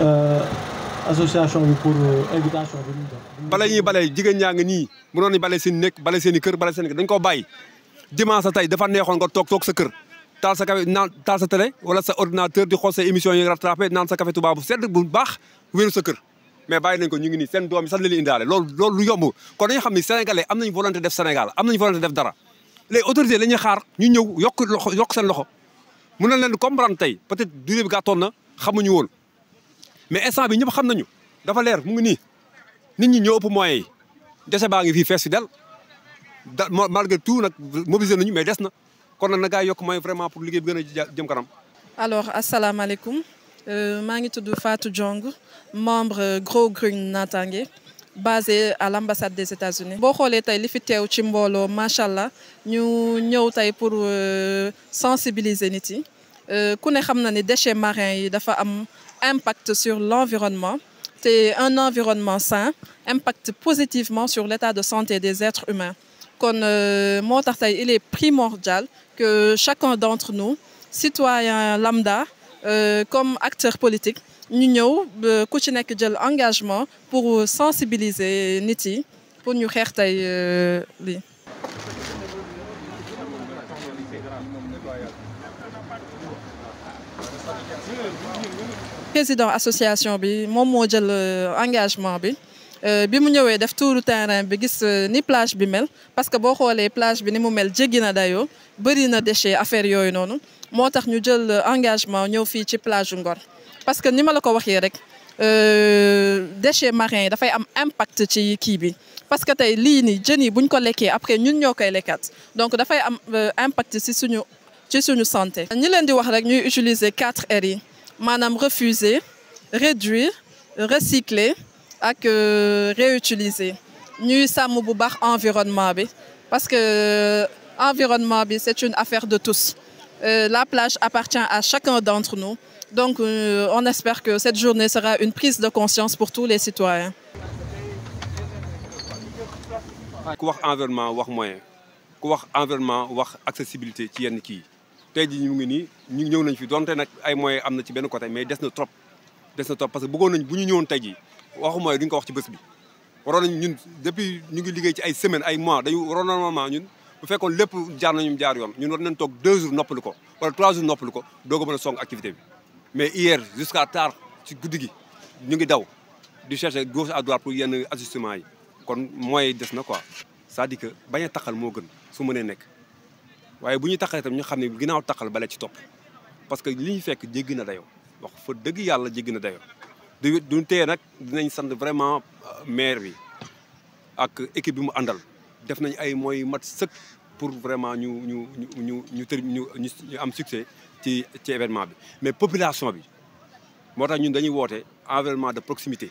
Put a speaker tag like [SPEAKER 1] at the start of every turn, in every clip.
[SPEAKER 1] Euh, association bi pour euh, invitation bi ñu def.
[SPEAKER 2] bale ñuy bale jigéen ñaa ngi nii mënoon bale seen nek balay seen kër balay seen i dañ ko bàyyi dimanche tay dafa neexon nga tok tok sa kër tal sa café naan sa télé wala sa ordinateur di xossé émission yi rattrapé naan sa café tubaab bu sedd bu baax wéeru sa kër mais bàyyi nañ ko ñu ngi ni seen doom yi sax la leen indaale lool loolu lu yomb kon dañu xamni sénégalais am nañ volonté def Sénégal am nañ volonté def dara les autorités lañu xaar ñu ñëw yok yok yokk seen loxo mu na leen comprendre tay peut-être durée bi gàttoon na xamuñu wol mais instant bi ñëpp xam nañu dafa leer mu ngi ni nit ñi ñoo ëpp moyens yi dese baa ngi fii fees fi del da malgré tout nak mobiliser nañu mais des na kon nag na gaa yokk moyens vraiment pour liggéey bi gën a jëm kanam.
[SPEAKER 3] alors asalaamaaleykum euh, maa ngi tudd Fatou Diong membre euh, Grow Green Natangué basé à l'ambassade des États-Unis boo xoolee tey li fi teew ci mbooloo macha allah ñu ñëw tey pour euh, sensibiliser nit yi ku ne xam na ne déchets marins yi dafa am impact sur l'environnement. c'est un environnement sain impact positivement sur l'état de santé des êtres humains Comme euh, moo il est primordial que chacun d'entre nous citoyens lambda euh, comme acteur politique nous avons euh, ku ci engagement pour sensibiliser Niti pour nous faire euh, président association bi mon modèle jël euh, engagement bi euh, bi mu ñëwé def tuuru terrain bi gis euh, ni plage bi mel parce que bo xolé plage bi ni mu mel jéggi na bari na déchets affaire yooyu nonu motax ñu jël engagement ñëw fi ci plage Ngor parce que ni ma la ko waxé rek déchets marins da fay am impact ci ki bi parce que tay li ni jëni buñ ko léké après ñun ñokay lékat donc donc fay am impact ci suñu ci suñu santé. ñi leen di wax rek ñuy utiliser 4R yi. Madame refuser réduire recycler que euh, réutiliser Nous sommes l'environnement, environnement parce que l'environnement, euh, c'est une affaire de tous euh, la plage appartient à chacun d'entre nous donc on espère que cette journée sera une prise de conscience pour tous les citoyens.
[SPEAKER 2] ku environnement wax moyen ku environnement wax accessibilité tey jii ñu ngi nii ñu ñëw nañ fi donte nag ay moyens am na ci benn côté mais des na trop des na trop parce que bëggoon nañ bu ñu ñëwoon tey ji waxu mooy duñ ko wax ci bés bi waroon nañ ñun depuis ñu ngi liggéey ci ay semaines ay mois dañu waroon normalement ñun bu fekkoon lépp jaar nañu jaar yoon ñun war nañ toog deux jours noppalu ko wala trois jours noppalu ko doog a mën a song activité bi mais hier jusqu'à tard ci guddi gi ñu ngi daw di chercher gauche à droite yenn ajustement yi kon moyens des na quoi cest à que bañ a taqal moo gën su mënee nekk Si bu ñu tam ñu parce que fekk wax fa dinañ vraiment euh, bi équipe bi mu pour vraiment ñu ñu succès dans ci événement bi population bi moo ñun de proximité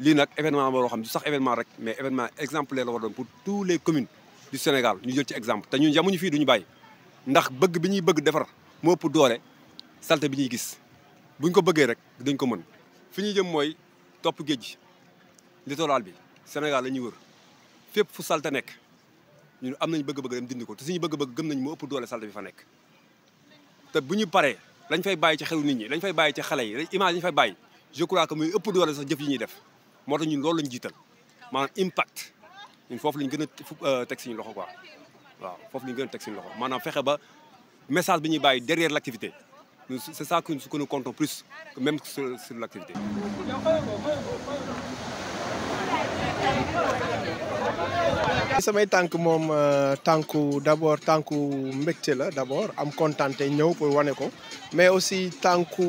[SPEAKER 2] li nak événement boo xam ne sax événement rek mais événement exemplaire la war doon pour tous les communes du Sénégal ñu jël ci exemple té ñun yamuñu fi duñu bàyyi ndax bëgg bi ñuy bëgg défar mo ëpp doole salté bi ñuy gis buñ ko bëggee rek dañ ko mën fi ñuy jëm mooy topp géej littoral bi Sénégal la ñu wër fep fu salté nek ñun am nañ bëgg-bëgg dem dindi ko te suñu bëgg-bëgg gëm nañ mo ëpp doole salté bi fa nek té buñu paré lañ fay bayyi ci xelu nit ñi lañ fay bayyi ci xalé yi image lañ fay bayyi je crois que muy ëpp doole sax jëf yi ñuy def moo tax ñun loolu lañ jiital maanaam impact ñun foofu lañ gën a euh, teg suñu loxo quoi waaw foofu lañ gën a teg suñu loxo maanaam fexe ba message bi ñuy bàyyi derrière l'activité c'est ça que nous comptons plus que même sur, sur l'activité.
[SPEAKER 1] samay tànk moom euh, tànku d'abord tànku mbégte la d'abord am kontante ñëw pour wane ko mais aussi tànku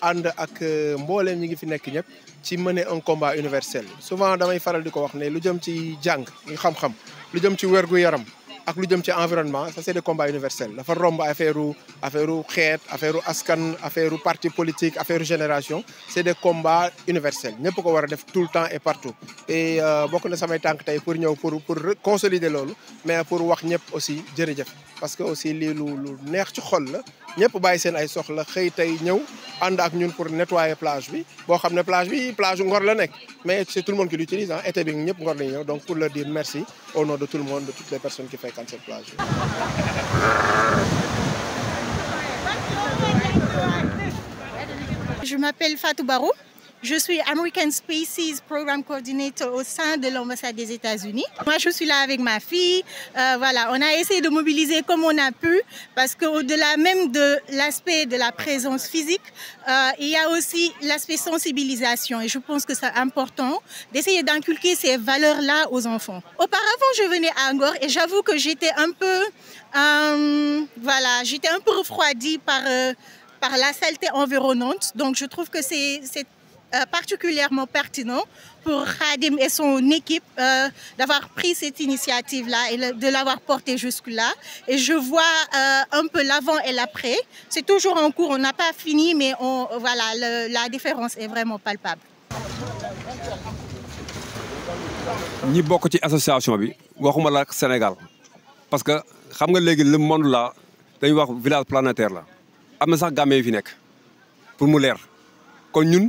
[SPEAKER 1] ànd ak euh, mbooleem ñi ngi fi nekk ñëpp ci mener un combat universel souvent damay faral diko wax né lu jëm ci jàng xam-xam lu jëm ci wérgu yaram ak lu jëm ci environnement ça c'est des combats universels dafa romb affaire affaire xeet affaire askan affaire parti politique affaire génération c'est des combats universels ñëpp ko wara def tout le temps et partout et euh, bokku na samay tank tay pour ñew pour pour consolider lolu mais pour wax ñëpp aussi jërëjëf parce que aussi les lu lu neex ci xol la ñëpp bàyyi seen ay soxla xey tay ñew ak ñun pour nettoyer plage bi bo xam plage bi plage Ngor la nek mais c'est tout le monde qui l'utilise hein été bi ñëpp Ngor la ñew donc pour leur dire merci au nom de tout le monde de toutes les personnes qui fréquentent cette plage
[SPEAKER 3] Je m'appelle Fatou Barou. Je suis American Species Program Coordinator au sein de l'ambassade des États-Unis. Moi, je suis là avec ma fille. Euh, voilà, on a essayé de mobiliser comme on a pu parce qu'au-delà même de l'aspect de la présence physique, euh, il y a aussi l'aspect sensibilisation. Et je pense que c'est important d'essayer d'inculquer ces valeurs-là aux enfants. Auparavant, je venais à Angor et j'avoue que j'étais un peu, euh, voilà, j'étais un peu refroidie par par la saleté environnante. Donc je trouve que c'est euh, particulièrement pertinent pour Khadim et son équipe euh, d'avoir pris cette initiative-là et de l'avoir portée jusque-là. Et je vois euh, un peu l'avant et l'après. C'est toujours en cours, on n'a pas fini, mais on, voilà, la différence est vraiment palpable.
[SPEAKER 2] Nous, beaucoup ci association bi waxuma la Sénégal parce que xam nga léegi le monde là, dañuy wax village planétaire Nous am na sax fi pour nous kon ñun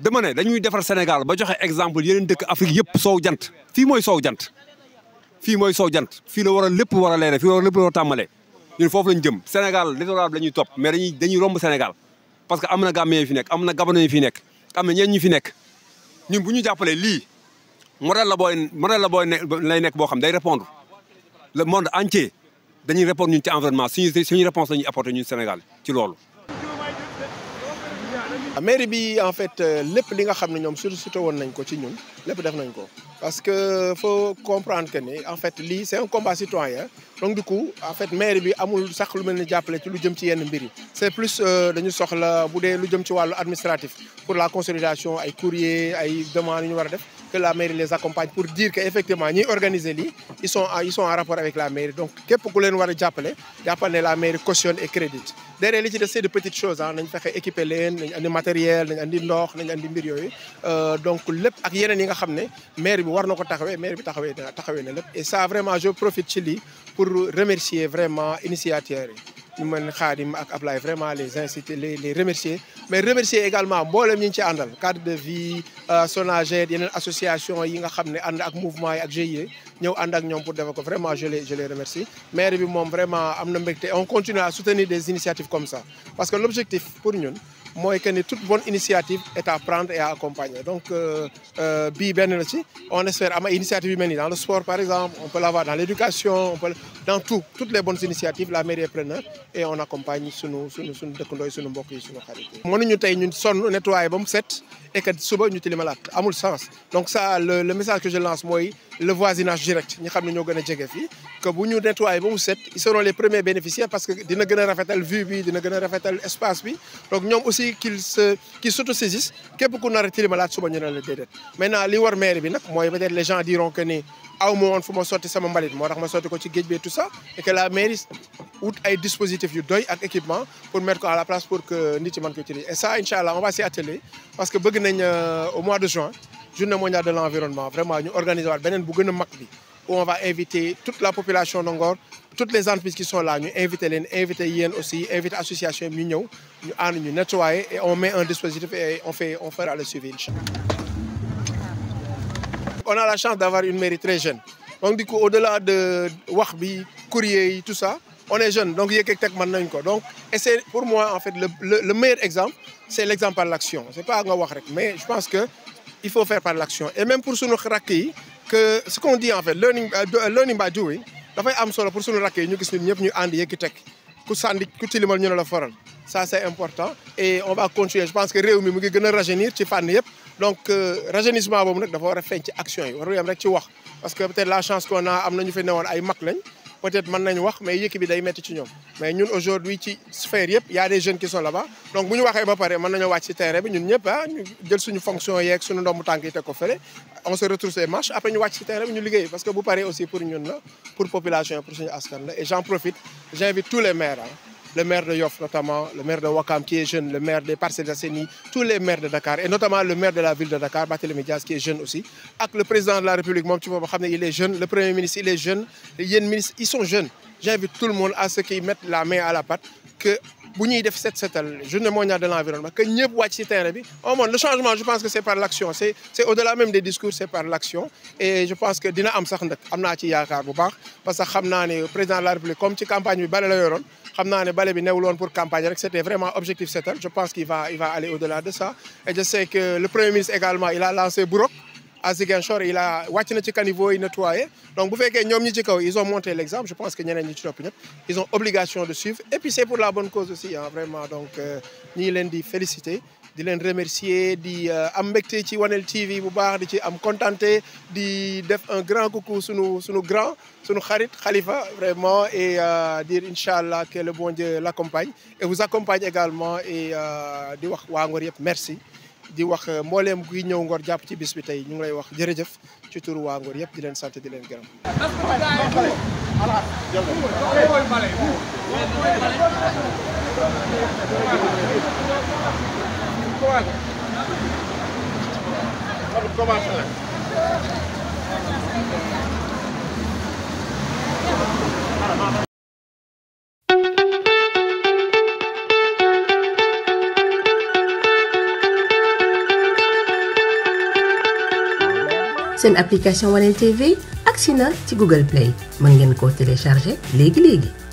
[SPEAKER 2] dama ne dañuy defar Sénégal ba joxe exemple yeneen dëkk Afrique yëpp soow jant fii mooy soow jant fii mooy soow jant fii la war a lépp war a leere fii war a lépp war a tàmmalee ñun foofu lañ jëm Sénégal littoral bi la ñuy topp mais dañuy dañuy romb Sénégal parce que am na Gambien yi fi nekk am na Gabonais yi fi nekk am na ñeen ñi fi nekk ñun bu ñu jàppalee lii modèle la booy modèle la booy lay nekk boo xam day répondre le monde entier dañuy répondre ñun ci environnement suñu suñu réponse la ñuy apporter ñun Sénégal ci loolu Ah,
[SPEAKER 1] mairie bi en fait euh, lépp li nga nous ne ñoom surtout woon nañ ko ci ñun lépp def nañ ko parce que faut comprendre que ni en fait lii c'est un combat citoyen donc du coup en fait mairie bi amul sax lu melni jappelé ci lu jëm ci yenn mbir yi. c'est plus euh, dañu soxla bu dee lu jëm ci wàllu administratif pour la consolidation ay courrier ay demandes yu ñu war a def que la mairie les accompagne pour dire qu'effectivement ils organiser les ils sont ils sont en rapport avec la mairie donc képp ku leen war a jàppale jàppal ne la mairie cautionne et crédite derrière li ci des c'est de petites choses ah nañ fexe équiper leen nañ andi matériel nañ andi ndox nañ andi mbir Euh, donc le, ak yeneen yi nga xam mairie maire bi war na mairie taxawee maire bi taxawee et ça vraiment je profite ci lii pour remercier vraiment initiateurs nous mën Khadim ak Ablaye vraiment les inciter les les remercier mais remercier également mbolam ñi ci andal cadre de vie euh, SONAGED yenen association yi nga xamné and ak mouvement yi ak GIE ñeu and ak ñom pour défa ko vraiment je les je les remercie maire bi mom vraiment amna na on continue à soutenir des initiatives comme ça parce que l'objectif pour ñun moi, que toute bonne initiative est à prendre et à accompagner donc euh, euh, bii on espère à ma initiative yu dans le sport par exemple on peut l'avoir dans l'éducation on peut dans tout toutes les bonnes initiatives la mairie est preneur et on accompagne sunu sunu sunu dëkkandooy sunu mbokk yi sunu xarit yi mënuñu tey ñun sonn nettoyer ba mu set et que suba ñu tilimalaat amul sens donc ça le message que je lance moi le voisinage direct ñi xam ne ñoo gën a jege que bu nous nettoyé ba mu set ils seront les premiers bénéficiaires parce que dina gën a rafetal vue bi dina gën a espace bi donc ñoom aussi qu'ils se qu'ils s'autosaisissent quest ku qu'on a malade suba ñu ne la maintenant li war maire bi nag mooy peut-être les gens diront que ni aw ma woon fu ma ça sama maladie. moo tax ma tu ko ci bi tout ça et que la mairie out ay dispositif yu doy ak équipement pour mettre à la place pour que nit yi mën ko et ça incha on va s'y atteler parce que bëgg nañ euh, au mois de juin journée mondiale de l'environnement vraiment nous organisons un bu où on va inviter toute la population de toutes les entreprises qui sont là Nous inviter les inviter aussi inviter association mignon ñu ñëw nettoyer et on met un dispositif et on fait on fera le suivi on a la chance d'avoir une mairie très jeune donc du coup au-delà de wax courrier tout ça on est jeune donc il y a nañ encore donc et c'est pour moi en fait le meilleur exemple c'est l'exemple par l'action c'est pas nga wax mais je pense que il faut faire par l'action et même pour suñu rakk que ce qu'on dit en fait learning euh, euh, learning by doing dafay am solo pour suñu rakk yi ñu gis ñun ñëpp ñu ànd que ça ku sànni ku tilimal ñu la foral ça c'est important et on va continuer je pense que Réumi mu ngi gëna rajeunir ci fànn yépp. donc euh, rajeunissement bobu nak dafa wara a ci action yi waru yam rek ci wax parce que peut-être la chance qu'on a amna ñu fi néwon ay mak lañ peut-être mën nous mais mais nous aujourd'hui ci Il y a des jeunes qui sont là-bas donc nous Nous ba Nous mën ah, fonction on se retrouve les après ñu là. ci terrain parce que vous parlez aussi pour ñun la pour population pour la et j'en profite j'invite tous les maires ah, le maire de Yoff notamment, le maire de Wakam qui est jeune, le maire des Parcelles sénie tous les maires de Dakar, et notamment le maire de la ville de Dakar, Barthélémy Diaz, qui est jeune aussi, avec le président de la République, Mom il est jeune, le premier ministre, il est jeune, les ministres, ils sont jeunes. J'invite tout le monde à ce qu'ils mettent la main à la pâte, que si vous def set setal de l'environnement que ñëpp wàcc ci terrain bi oh au le changement je pense que c'est par l'action c'est c'est au-delà même des discours c'est par l'action et je pense que dina am sax nag amna ci parce que le président de la République comme ci campagne bi balé la yoron xamna naa balé bi newul pour campagne rek c'était vraiment objectif setal je pense qu'il va il va aller au-delà de ça et je sais que le premier ministre également il a lancé Brock à il a wàcc na ci caniveau nettoyé donc vous voyez que ñi ci ils ont montré l'exemple. je pense que ñeneen ñi ils ont obligation de suivre et puis c'est pour la bonne cause aussi hein, vraiment donc euh, ñi ngi leen di féliciter di leen remercier di euh, am sur ci Wanel TV bu baax di ci am contenté di def un grand coucou sunu sunu grand sunu nos Khalifa vraiment et euh, dire InshaAllah que le bon Dieu l'accompagne. et vous accompagne également et di wax merci. di wax eh, mbooleem kuy ñëw ngor jàpp ci bis bi tey ñu lay wax jërëjëf ci turu waa ngor yëpp di leen di leen gërëm
[SPEAKER 3] application Wanel TV ak Sina Google Play mën ngeen télécharger léegi léegi.